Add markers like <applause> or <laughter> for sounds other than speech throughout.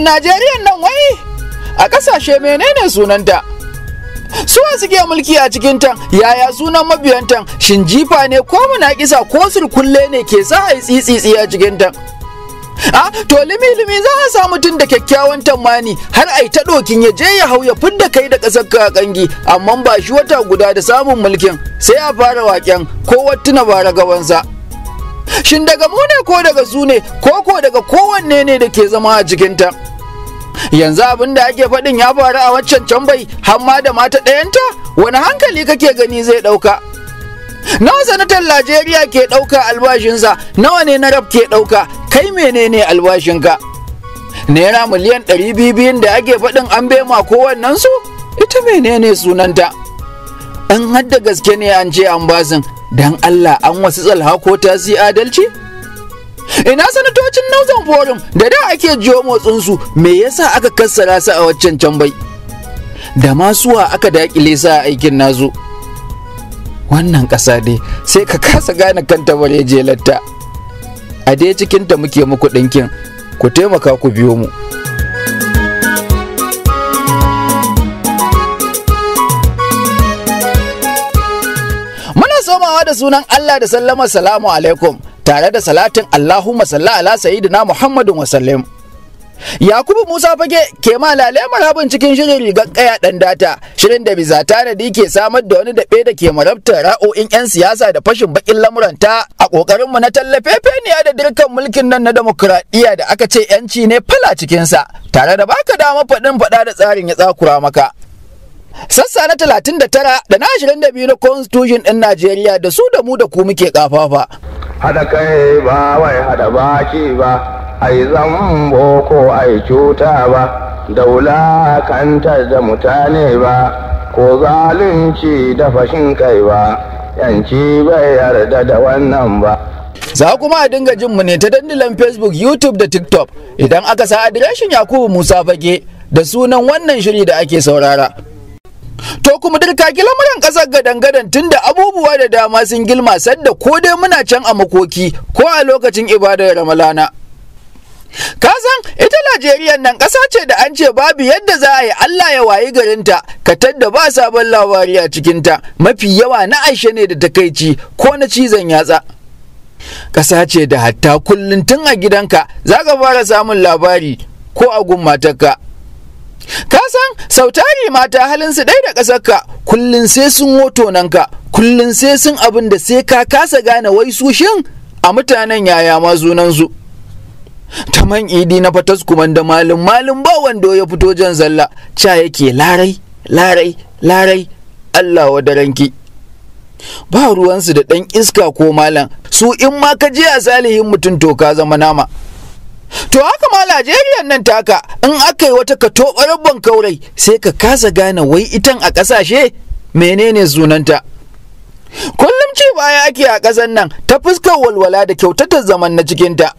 shin najeriya nan wai a ƙasashe menene sunanta su suke mulki a cikin cikinta yaya sunan mabiyanta shin jifa ne ko munaƙisa ko sulkulle ne ke sa a yi tsitsitsi a cikinta a to limi-limi za a samu tun da kyakkyawan tamani har ai ta ɗokin ya je ya hau ya fidda kai da ƙasar ka ƙangi, amma ba shi wata guda da samun mulkin sai a fara waƙen ko na bara gabansa. shin daga mu ne ko daga su ne ko ko daga kowanne ne da ke zama a jikinta yanzu abin da ake faɗin ya faru a waccan can bai hamma da mata ɗayanta wani hankali kake gani zai ɗauka nawa sanatar najeriya ke ɗauka albashinsa nawa ne na rab ke ɗauka kai menene albashinka naira miliyan ɗari biyu da ake faɗin an bema kowannensu su ita menene sunanta An har da gaske ne an ce an bazin don Allah an wasu tsalha ko ta si adalci ina sanatocin nauzan forum da da ake jiyo motsinsu me yasa aka kassara su a waccan can bai da masuwa aka dakile sa a aikin nazo wannan ƙasa dai sai ka kasa gane kanta bare latta a dai cikinta muke muku ɗinkin ku taimaka ku biyo mu tunawa da sunan Allah da sallama salamu alaikum tare da salatin Allahumma salla ala sayyidina Muhammadin wa Yakubu Musa Fage ke malale marhabin cikin shirin rigar kaya dan data shirin da bisa tanadi ke samar da wani daɓe da ke marabtar ra'o'in 'yan siyasa da fashin bakin lamuranta a ƙoƙarinmu na tallafefeniya da dirkan mulkin nan na demokradiya da aka ce 'yanci ne fala cikin sa, tare da baka dama faɗin faɗa da tsarin ya tsakura maka. Sassa na 39 da na 22 na Constitution ɗin Najeriya da su da mu da ku muke ƙafafa. Haɗa kai ba wai haɗa baki ba, ai zambo ko ai cuta ba, daula kantar da mutane ba, ko zalunci da fashin kai ba, yanci bai yarda da wannan ba. Za kuma a dinga jin mu ne ta dandalin Facebook, YouTube da TikTok idan aka sa adireshin Yakubu Musa Fage da sunan wannan shiri da ake saurara. To kuma dirkaki lamarin ƙasar gadan-gadan tunda abubuwa da dama sun gilma sadda ko dai muna can a makoki ko a lokacin ibadar Ramalana. kasan ita Najeriya nan ƙasa ce da an ce babu yadda za a yi Allah ya wayi garinta ka tadda ba sabon labari a cikinta mafi yawa na aishe ne da takaici ko na cizon yatsa. Ƙasa ce da hatta kullum tun a gidanka za ka fara samun labari ko a gun matarka. ka san sautari mata halinsu su ɗai da ƙasarka kullum sai sun hoto nan ka kullum sai sun abin da sai ka kasa gane wai su shin a mutanen yaya ma su. ta man idi na fatas kuman da malin malin ba wando ya fito jan zalla ca yake larai larai larai allah wa daranki ba ruwansu da ɗan iska ko malam su in ma ka je a salihin mutum to ka zama nama to haka ma Najeriya nan taka in aka yi wata katobar kaurai sai ka kasa gane wai itan a ƙasashe menene sunanta kullum ce baya ake a ƙasan nan ta fuskar walwala da kyautatar zaman na cikinta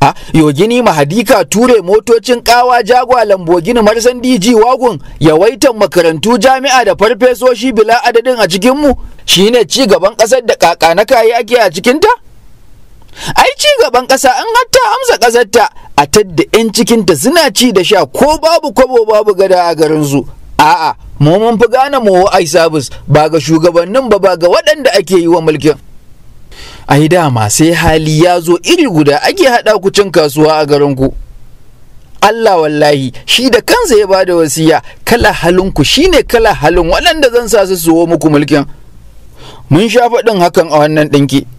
a yogini mahadika ture motocin kawa jagwa lambogini marsan dg wagon yawaitan makarantu jami'a da farfesoshi bila adadin a cikinmu shine ci gaban ƙasar da kaka na kayi ake a cikinta ai ci gaban ƙasa an hatta amsa ƙasarta a tadda 'yan cikinta suna ci da sha ko babu kwabo babu gada a garin su a'a mu mun fi gane mu ai sabis ba ga shugabannin ba ba ga waɗanda ake yi wa mulkin ai dama sai hali ya zo iri guda ake haɗa ku cin kasuwa a garin ku Allah wallahi shi da kansa ya bada wasiya kala halin ku shine kala halin waɗanda zan sa su suwo muku mulkin mun sha faɗin hakan a wannan ɗinki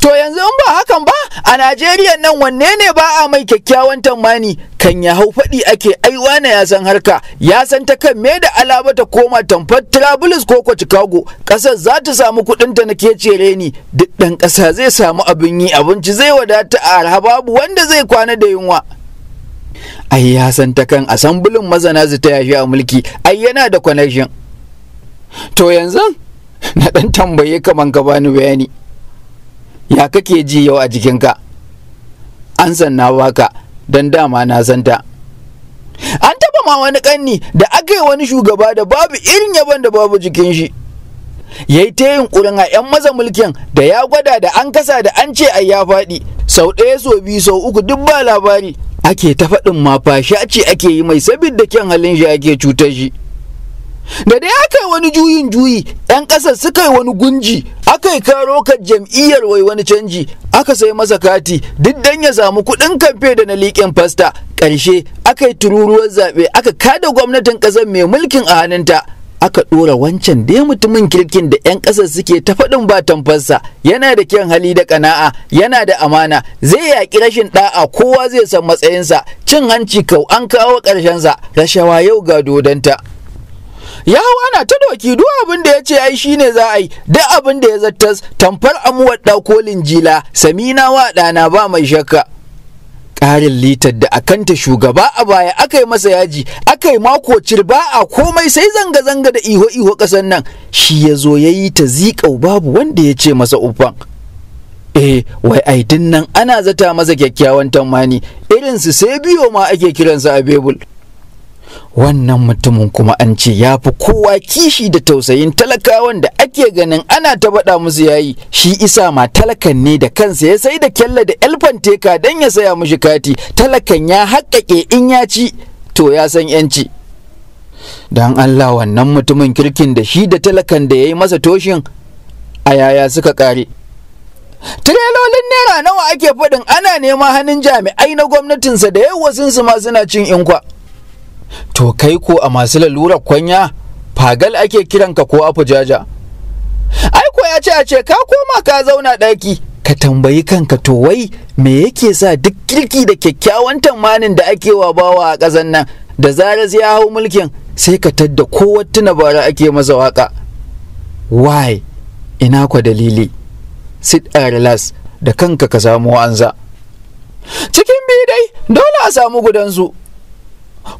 To yanzu in ba hakan ba a Najeriya nan wanne ne ba a mai kyakkyawan tamani kan ya hau faɗi ake aiwa na ya san harka ya san ta kan me da alaba ta koma tamfar Trablus ko ko Chicago ƙasar za ta samu kuɗin ta na kecere ni duk ɗan ƙasa zai samu abin yi abinci zai wadata a arha babu wanda zai kwana da yunwa. Ai ya san ta kan asambulin mazana zita yafi a mulki ai yana da connection. To yanzu na ɗan tambaye kaman ka bani bayani. ya kake ji yau a jikinka an sanna waka don dama na santa an taba ma wani kanni da aka yi wani shugaba da babu irin yaban da babu jikin shi ya yi ta yunkurin a 'yan maza mulkin da ya gwada da an kasa da an ce ai ya faɗi sau ɗaya sau biyu sau uku duk ba labari ake ta faɗin ma fasha ce ake yi mai sabidda kyan halin shi ake cutar shi da dai aka wani juyin juyi 'yan ƙasar suka yi wani gunji aka yi karo ka jam'iyyar wai wani canji aka sai masa kati duk dan ya samu kuɗin kamfe da na liƙin fasta ƙarshe aka yi tururuwar zaɓe aka kada gwamnatin ƙasar mai mulkin a hannunta aka ɗora wancan dai mutumin kirkin da 'yan ƙasar suke ta faɗin ba tamfarsa yana da kyan hali da ƙana'a yana da amana zai yaƙi rashin ɗa'a kowa zai san matsayinsa cin hanci kau an kawo ƙarshensa rashawa yau ga dodonta. ya hau ana ta doki duk abin da ya ce ai shine za a yi duk abin da ya zattas tamfar amuwar ɗakolin jila samina wa ɗana ba mai shakka ƙarin litar da akanta shugaba a baya aka yi masa yaji aka yi mako cirba a komai sai zanga-zanga da iho-iho ƙasan nan shi ya zo ya yi ta ziƙau babu wanda ya ce masa ufan. eh wai ai dinnan ana zata masa kyakkyawan tammani irinsu sai biyo ma ake kiransa a bebul wannan mutumin kuma an ce ya fi kowa kishi da tausayin talakawan da ake ganin ana ta musu yayi shi isa ma talakan ne da kansa ya sai da kyalla da elfanteka don ya saya mushi kati talakan ya haƙƙaƙe in ya ci to ya san yanci don allah wannan mutumin kirkin da shi da talakan da ya yi masa toshin a yaya suka ƙare tirelolin naira nawa ake faɗin ana nema hannun jami'ai na gwamnatinsa da yawa sun su ma suna cin inkwa to kai ko a masu lalurar kwanya fagal ake kiranka ko a ai ko ya ce a ce ka koma ka zauna ɗaki ka tambayi kanka to wai me yake sa duk kirki da kyakkyawan tamanin da ake wa bawa a ƙazan nan da zarar ya hau mulkin sai ka tadda ko tuna bara ake masa waka why ina kwa dalili sit a relax da kanka ka samu anza cikin dai, dole a samu gudansu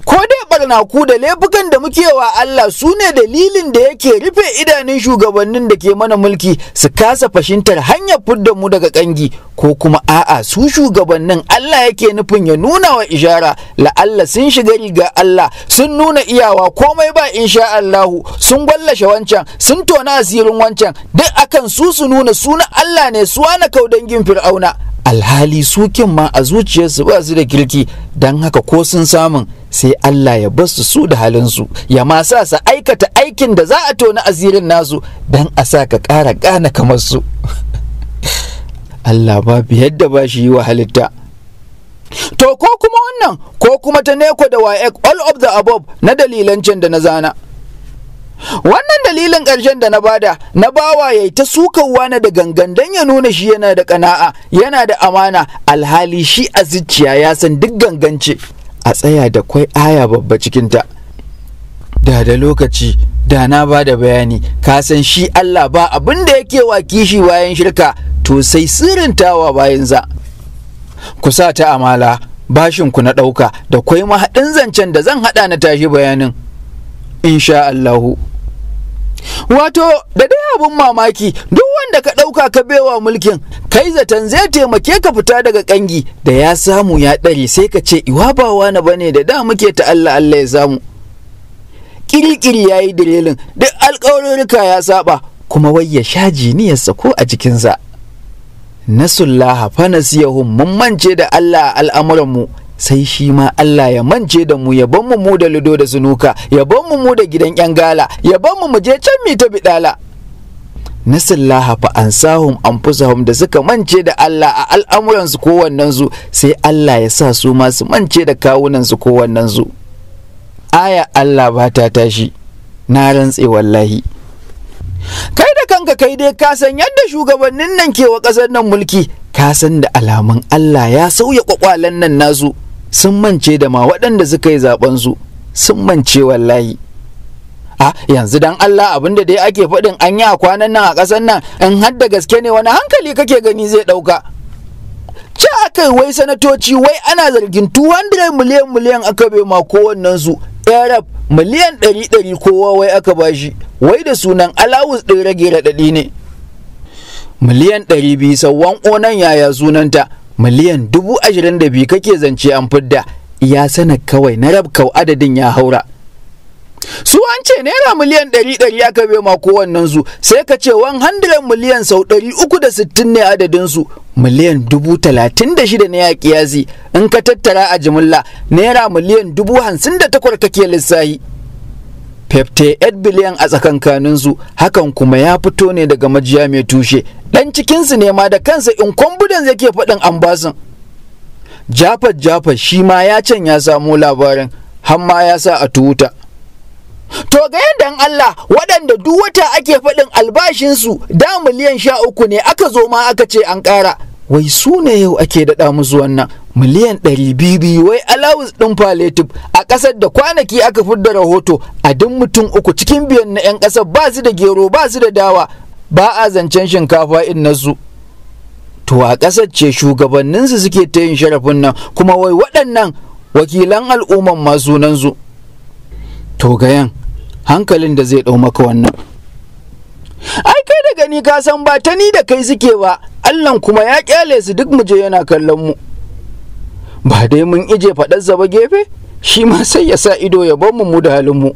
ko dai barnaku da laifukan da muke wa Allah su ne dalilin da yake rufe idanun shugabannin da ke mana mulki su kasa fashintar hanyar fudda mu daga kangi ko kuma a'a su shugabannin Allah yake nufin ya nuna wa ishara la'alla sun shiga riga Allah sun nuna iyawa komai ba insha Allahu sun gwallashe wancan sun tona asirin wancan duk akan su su nuna suna Allah ne su wani kaudangin fir'auna alhali su ma a zuciyarsu ba su da kirki don haka ko sun samu. sai Allah ya basu su da halinsu ya masa su aikata aikin da za a tona azirin nasu don a sa ka ƙara gane kamar su <laughs> Allah babu yadda ba shi yi wa halitta to ko kuma wannan ko kuma ta neko da waek all of the above na dalilan can da na zana wannan dalilin ƙarshen da na bada na bawa yayi ta sukawa na da gangan dan ya nuna shi yana da kana'a yana da amana alhali shi a zuciya ya san duk gangance a tsaya da kwai aya babba cikinta da da lokaci da na ba da bayani ka san shi Allah ba abin da yake wa kishi bayan shirka to sai sirintawa bayansa ku sa ta amala bashin ku na ɗauka da kwai mahaɗin zancen da zan haɗa na tashi bayanin insha Allahu wato da dai abin mamaki duk wanda ka ɗauka ka baiwa mulkin kai zaton zai taimake ka fita daga kangi da ya samu ya ɗare sai ka ce iwa ba wani bane da da muke ta Allah Allah ya samu kirkiri ya yi dalilin duk alkawarurruka ya saba kuma wai ya sha jiniyarsa ko a jikinsa nasullah fa nasiyahum mun mance da Allah a al'amuran mu sai shi ma Allah ya mance da mu ya ban mu da ludo da zinuka ya ban mu da gidan yan gala ya ban mu mu je can mi ta bidala nasallaha fa ansahum anfusahum da suka mance da Allah a al'amuransu ko wannan su, sai Allah ya sa su ma su mance da kawunan su ko wannan aya Allah ba ta tashi na rantse wallahi kai da kanka kai dai ka san yadda shugabannin nan ke wa ƙasar nan mulki ka san da alamun Allah ya sauya kwakwalen nan nasu sun mance da ma waɗanda suka yi zaben su sun mance wallahi a ah, yanzu dan Allah abin da dai ake faɗin an yi a kwanan nan a ƙasar nan in har da gaske ne wani hankali kake gani zai ɗauka ci aka wai sanatoci wai ana zargin 200 miliyan miliyan aka bai ma kowannen su arab miliyan 100 kowa wai aka ba shi wai da sunan alawus ɗin rage raɗaɗi ne miliyan 200 sauwan onan yaya sunanta miliyan 22 kake zance an fidda ya sanar kawai na rabkau adadin ya haura su an ce naira miliyan ɗari ɗari aka bai ma kowannen su sai ka ce 100 miliyan sau ɗari uku da sittin ne adadin su miliyan dubu talatin da shida ne a kiyasi in ka tattara a jimilla naira miliyan dubu hamsin da takwar kake lissahi eight biliyan a tsakankanin su hakan kuma ya fito ne daga majiya mai tushe ɗan cikin su ne ma da kansa in kwambudan yake faɗin ambasin jafar jafar shi ma ya can ya samu labarin hamma ma ya sa a tuta To ga yadda Allah waɗanda duk wata ake faɗin albashinsu da miliyan sha uku ne aka zo ma aka ce an ƙara. Wai su ne yau ake daɗa musu wannan miliyan ɗari biyu biyu wai alawus ɗin palliative a ƙasar da kwanaki aka fi da rahoto a duk mutum uku cikin biyan na 'yan ƙasar ba su da gero ba su da dawa ba a zancen shinkafa in nasu. To a ƙasar ce shugabanninsu suke ta yin sharafin nan kuma wai waɗannan wakilan al'umman masu nan su. to gayan hankalin da zai ɗau maka wannan ai kai da gani ka san ba ta ni da kai suke ba allan kuma ya kyale su duk muje yana kallon mu ba dai mun ije faɗar zaba gefe shi ma sai ya sa ido ya bar mu mu da halin mu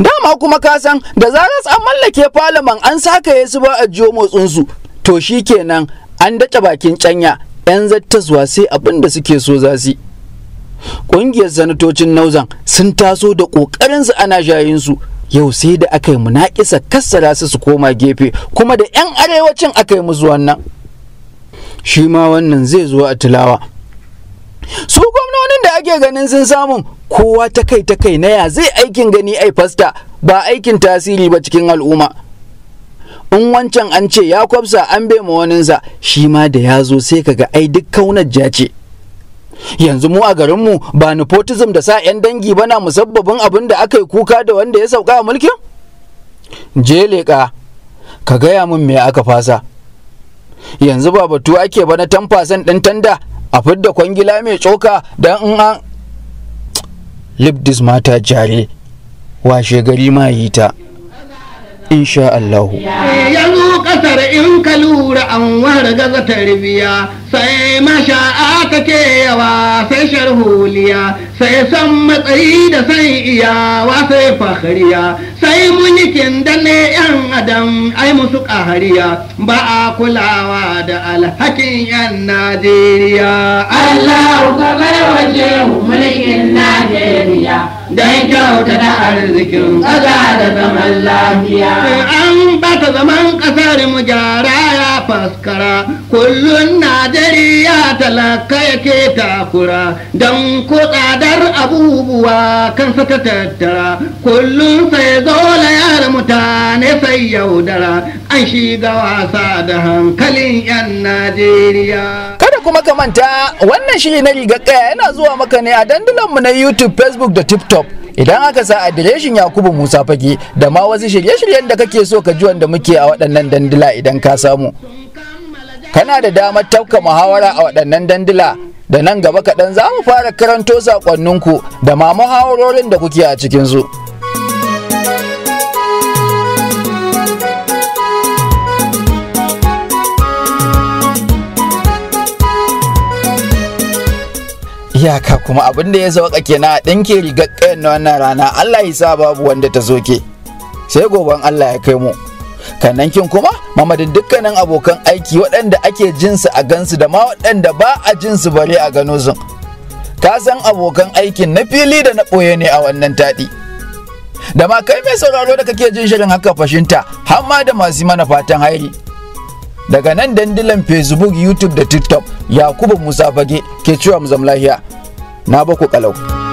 dama kuma ka san da zarar an mallake falaman an sakaye su ba a jiyo motsinsu to shi kenan an dace bakin canya 'yan zattaswa sai abin suke so za su ƙungiyar sanatocin nauzan sun taso da ƙoƙarinsu ana shayinsu yau sai da aka yi munaƙisa kassara su su koma gefe kuma da 'yan arewacin aka yi musu wannan shi ma wannan zai zo a tilawa su gwamnonin da ake ganin sun samu kowa ta kai ta kai na ya zai aikin gani ai fasta ba aikin tasiri ba cikin al'umma in wancan an ce ya kwabsa an bai ma waninsa shi ma da ya zo sai kaga ai duk kaunar jace yanzu mu a garinmu ba nepotism da sa 'yan dangi ba na musabbabin abin da aka yi kuka da wanda ya sauka a mulkin je leƙa ka gaya min me aka fasa yanzu ba batu ake ba na tamfasan ɗin tanda a fidda kwangila mai tsoka don in an libdis mata jare washe gari ma yi ta insha Allahu. kasar in ka lura an wargaza tarbiya sai masha'a ke yawa sai sharhuliya sai san matsayi da sai iyawa sai fahariya sai mulkin da ne yan adam ai musu kahariya ba a kulawa da alhakin yan najeriya allah ka bai waje mulkin najeriya don kyauta da arzikin ƙasa da zaman lafiya zaman kasar mu jara ya faskara kullun najeriya talaka yake takura don tsadar abubuwa kan ta tattara kullun sai zola yar mutane sai yaudara an shiga wasa da hankalin 'yan najeriya kuma ka manta wannan shiri na riga kaya yana zuwa maka ne a mu na YouTube, Facebook da TikTok. Idan aka sa adireshin Yakubu Musa Fage da ma wasu shirye-shiryen da kake so ka ji wanda muke a waɗannan dandila idan ka samu kana da damar tafka muhawara a waɗannan dandila da nan gaba kaɗan za mu fara karanto saƙonninku da ma muhawarorin da kuke a cikinsu. iyaka kuma abin da ya sauka kenan a ɗinke rigar na wannan rana Allah ya sa babu wanda ta soke sai goben Allah ya kai mu kannan kin kuma mamadin dukkanin abokan aiki waɗanda ake jinsu a gansu da ma waɗanda ba a jinsu bare a gano sun ka san abokan aikin na fili da na ɓoye ne a wannan taɗi da ma kai mai sauraro da kake jin shirin haka fashinta har ma da masu mana fatan hairi daga nan dandilan facebook youtube da tiktok yakubu musa fage ke cewa mu zam lahiya na baku kalau